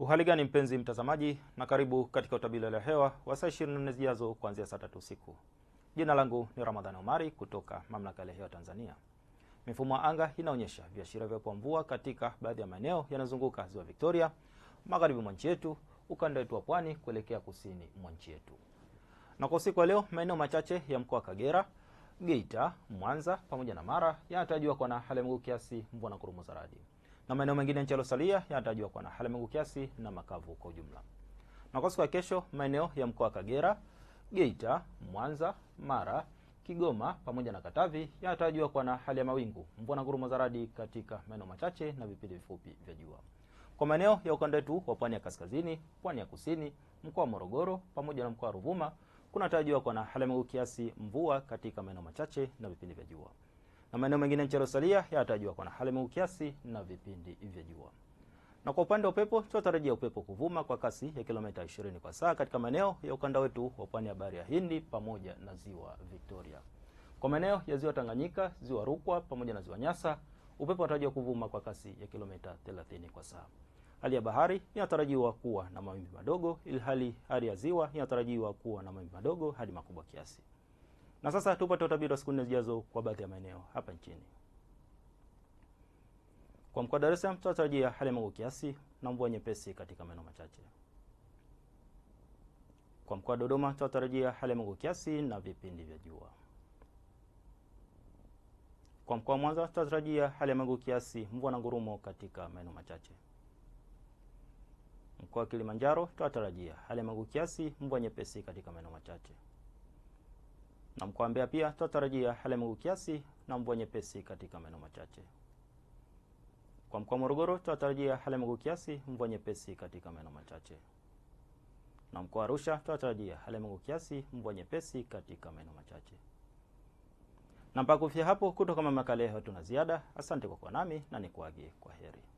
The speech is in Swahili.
Uhali gani mpenzi mtazamaji, na karibu katika utabiri wa hewa wa saa 24 zijazo kuanzia saa tatu usiku. Jina langu ni ramadhan Omari kutoka Mamlaka ya Hewa Tanzania. Mifumo ya anga inaonyesha viashiria vya mvua katika baadhi ya maeneo yanayozunguka Ziwa Victoria, magharibi mwa nchi yetu, ukanda wetu wa pwani kuelekea kusini mwa nchi yetu. Na kwa usiku wa leo, maeneo machache ya mkoa wa Kagera, Geita, Mwanza pamoja na Mara yanatarajiwa kwa na hali ya mawingu kiasi, mvua na kurumu za radi na maeneo mengine nchi yaliyosalia yanatarajiwa kuwa na hali ya kiasi na makavu kwa ujumla. Na kwa siku ya kesho, maeneo ya mkoa wa Kagera, Geita, Mwanza, Mara, Kigoma pamoja na Katavi yanatarajiwa kuwa na hali ya mawingu, mvua na ngurumo za radi katika maeneo machache na vipindi vifupi vya jua. Kwa maeneo ya ukanda wetu wa pwani ya kaskazini, pwani ya kusini, mkoa wa Morogoro pamoja na mkoa wa Ruvuma kunatarajiwa kuwa na hali ya mawingu kiasi, mvua katika maeneo machache na vipindi vya jua na maeneo mengine nchi yaliyosalia yatajua kwa na hali ya kiasi na vipindi vya jua. Na kwa upande wa upepo, tunatarajia upepo kuvuma kwa kasi ya kilomita 20 kwa saa katika maeneo ya ukanda wetu wa pwani ya bahari ya Hindi pamoja na ziwa Victoria. Kwa maeneo ya ziwa Tanganyika, ziwa Rukwa pamoja na ziwa Nyasa, upepo unatarajiwa kuvuma kwa kasi ya kilomita 30 kwa saa. Hali ya bahari inatarajiwa kuwa na mawimbi madogo, ilhali hali ya ziwa inatarajiwa kuwa na mawimbi madogo hadi makubwa kiasi. Na sasa tupate utabiri wa siku nne zijazo kwa baadhi ya maeneo hapa nchini. Kwa mkoa wa Dar es Salaam tunatarajia hali ya kiasi na mvua nyepesi katika maeneo machache. Kwa mkoa wa Dodoma tunatarajia hali ya kiasi na vipindi vya jua. Kwa mkoa wa Mwanza tunatarajia hali ya kiasi, mvua na ngurumo katika maeneo machache. Mkoa wa Kilimanjaro tunatarajia hali ya kiasi, mvua nyepesi katika maeneo machache na mkoa wa Mbeya pia tunatarajia hali ya mawingu kiasi na mvua nyepesi katika maeneo machache. Kwa mkoa wa Morogoro tunatarajia hali ya mawingu kiasi, mvua nyepesi katika maeneo machache. Na mkoa wa Arusha tunatarajia hali ya mawingu kiasi, mvua nyepesi katika maeneo machache. Na mpaka kufikia hapo, kutoka mamlaka ya leo tuna ziada. Asante kwa kuwa nami na nikuage kwa heri.